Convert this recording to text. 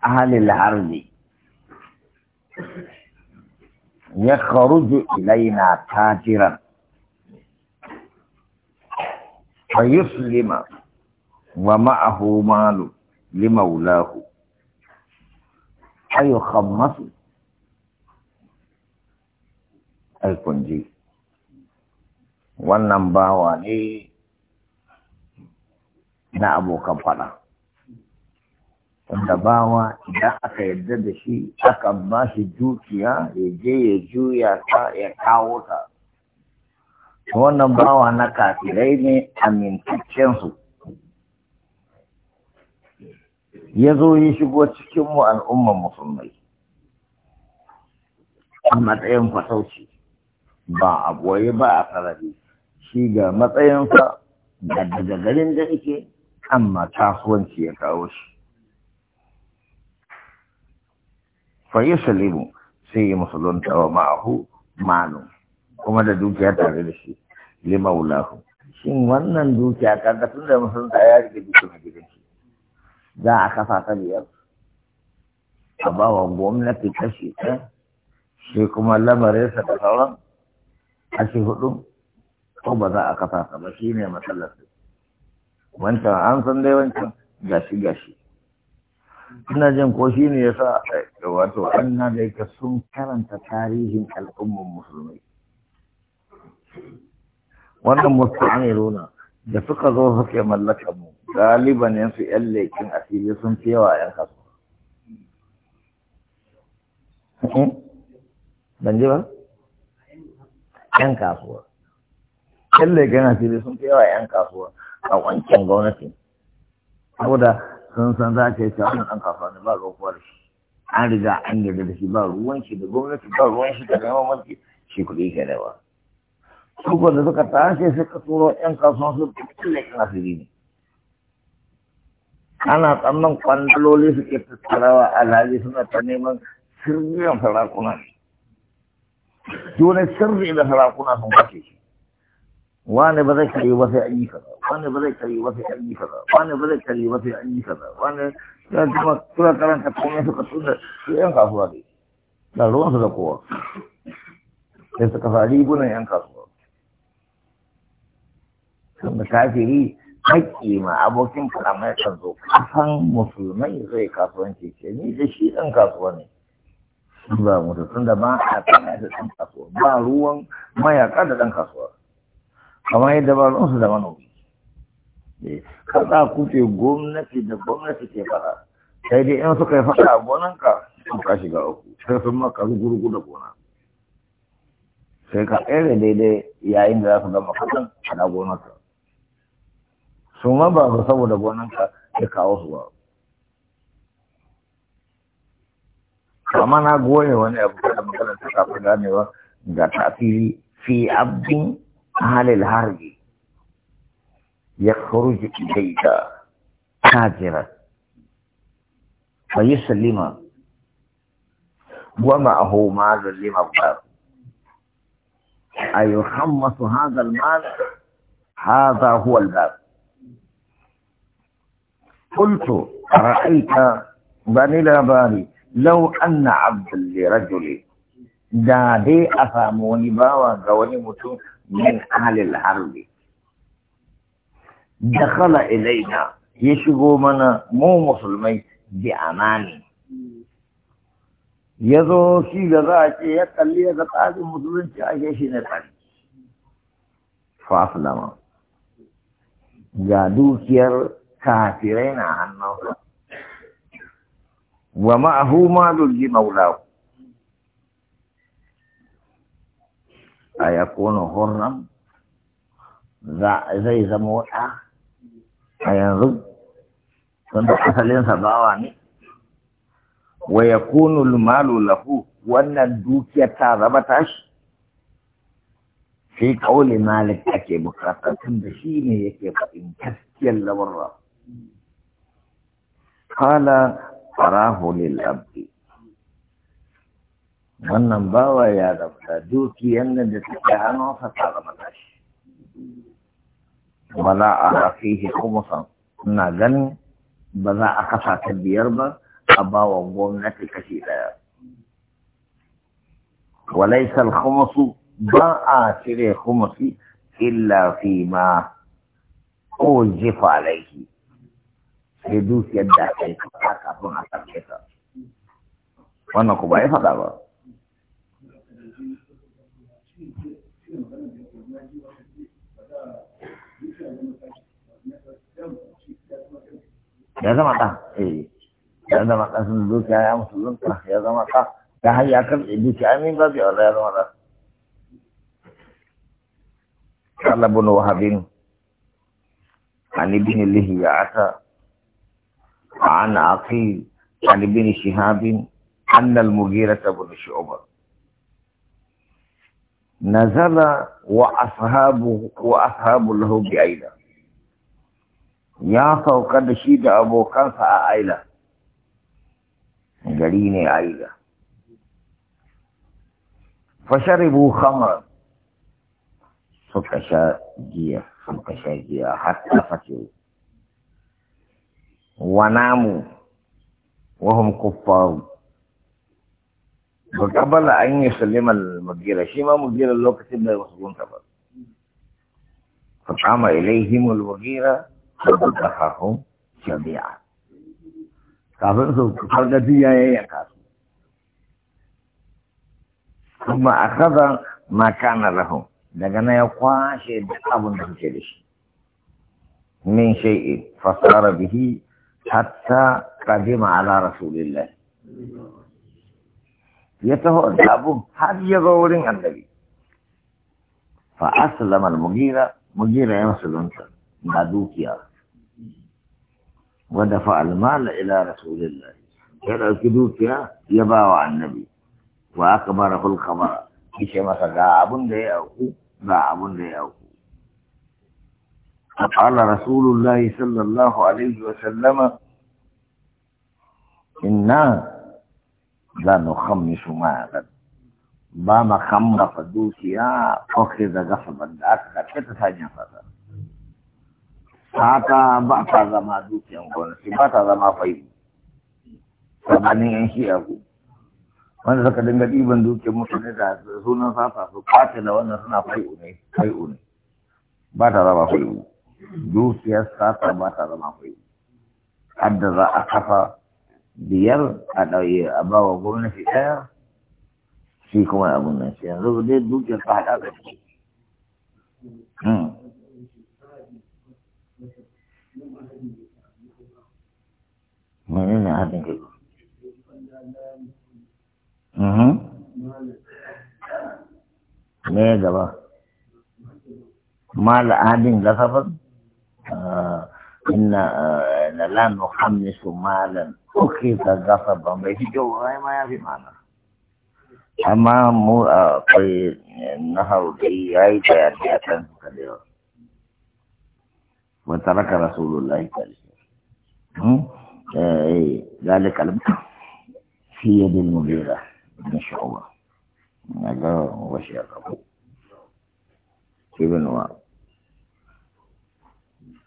ahalil arzi ya kharuju ilaina tajiran fa yuslima wa ma'ahu malu limaulahu ayu khammas ai kunji wannan bawa ne na abokan fada wanda bawa idan aka yarda da shi aka ba shi dukiya ya je ya juya ta ya kawo ta wannan bawa na kafirai ne amintaccensu ya zo ya shigo cikinmu al'umman musulmai a matsayin fasauci ba a goye ba a sarari shi ga matsayinsa da daga garin da yake amma kasuwanci ya kawo shi fa salimu sai ya musulunta wa ma'ahu manu, kuma da dukiya tare da shi wulahu shin wannan dukiya ta tun da musulunta ya rike dukiyar gidan shi za a kafa ta biyar a ba wa gwamnati kashi ta shi kuma lamarinsa da sauran kashi hudu ko ba za a kafa ta ba shi ne matsalar wancan an san dai wancan gashi gashi ina jin ko shi ne ya sa eh, wato an na da yake sun karanta tarihin al'ummar musulmai wannan musta'aniruna da suka zo suke mallaka mu galiban yansu yan lekin asiri sun fi yawa yan kasu hmm? ban ji ba yan kasuwa yan lekin asiri sun fi yawa yan kasuwa a wancan gwamnati saboda sun san za ka yi ta wani ɗan kasuwa ne ba ga kuwa shi an riga an yarda da shi ba ruwan shi da gwamnati ba ruwan shi da neman mulki shi kuɗi ke da ba su ko da suka tashi ka turo yan kasuwan su kulle ƴan asiri ne ana tsannan kwandaloli suke tattarawa alhaji suna ta neman sirriyar sarakuna dole sirri da sarakuna sun kashe shi wani ba zai yi ba sai an yi kaza wani ba zai karye ba sai an yi kaza wani ba zai karye ba sai an yi kaza wani ya kuma tura karanta komai suka tuna su yan kasuwa ne da ruwansu da kowa sai suka sa rigunan yan kasuwa sun da kafiri haƙƙi ma abokin faɗa mai kan zo kasan musulmai zai kasuwanci ce ni da shi ɗan kasuwa ne ba mutu tun da ba a tsaya da ɗan kasuwa ba ruwan mayaka da ɗan kasuwa kamar yadda ba ruwansu da manomi kada kuke gwamnati da gwamnati ke fara sai dai in suka yi fara a gonanka sun ka shiga uku sai sun maka gurgu da gona sai ka tsere daidai yayin da za su gama kasan gonan ka su ma ba su saboda ka ya kawo su ba kama na goye wani abu da magana ta kafa ganewa ga tafi fi abdin halil harbi يخرج إليك حاجرا فيسلم ومعه مال لمبلغ يخمص هذا المال هذا هو الباب قلت رأيت بني لاباني لو أن عبد لرجل دادي أفاموني باوا قولي متون من أهل الحرب دخل إلينا يشغو منا مو مسلمي بأمان يدو سي لذا شي يقلي لي شي مسلم شي أشي شي نتاني جادو كير كافرين عنه ومعه دلجي لمولاه أيكون ذا زي زموعه فيغض فانظر حسن لنسى ضعواني ويكون المال له وانا الدوكية تاربتاش في قول مالك اكي بكرتا تنبشيني يكي بقين كسكي اللي ورّا قال فراه للأبد وانا ضعوا يا رب دوكي انا دسكي انا فتاربتاش wala a fihi khumsan ina ganin ba za a kasa ta biyar ba a bawa gwamnati kashi daya walaisa al ba a cire khumsi illa fi ma jefa alaihi sai dukiyar da aka yi kafin a sarke ta wannan ku ba ya faɗa ba يا زما تا اي يا زما تا سندوك يا ام سندوك يا زما تا يا هيا كم ابي شامين بابي ولا يا زما تا قال ابن وهب عن ابن لهيعة عن عقيل عن ابن شهاب أن المغيرة بن شعبة نزل وأصحابه وأصحاب له بأيلة يا فوق الشيد أبو كنفع أيلة جريني أيلة فشربوا خمرا فكشا جيا فكشا جيا حتى فتوا وناموا وهم كفار وقبل أن يسلم المدير شيما مدير الوقت لا يوصلون تبر فقام إليهم الوغيرة فضحهم جميعا kafin su fargaji ya yayyanka su kuma a kaza ma kana lahum daga na ya kwashe duk abin da suke da shi min shay'i fasara bihi hatta qadima ala rasulillah يتهو أصحابه حاجة غورين النبي فأسلم المغيرة مغيرة يمسل أنت بادو ودفع المال إلى رسول الله قال الكدو كيا يباوع النبي وأكبره الخبر كيشي ما سقاب دي أوكو غاب دي أوكو فقال رسول الله صلى الله عليه وسلم إنا la nuhammisu ma'adan ba ma fa dukiya kokai da ban da aka karfe ta sanya fasa sata ba ta zama dukiyan gwamnati ba ta zama faibu tsamanin yan shi'a ku wanda suka dinga ɗiban dukiyar mutane da sunan sata su kwace na wannan suna fai'u ne fai'u ne ba ta zama fai'u dukiyar sata ba ta zama fai'u hadda za a kafa biyar a ɗauye a ba wa gwamnati ɗaya shi kuma a nan shi yanzu dai dukiyar ka haɗa ka ciki hmm. Mene ne haɗin kai? Mhm. Me gaba? Mala adin lafafan? Ah, inna لأن لا نحمس مالا أكيد غصبا بيش جو ما في معنى أما مو أقل آه، نهر دي عيدة يتن وترك رسول الله صلى الله عليه آه، إيه، ذلك المكر في يد المديرة بن شعوة نجا وشيخ أبو ابن وعب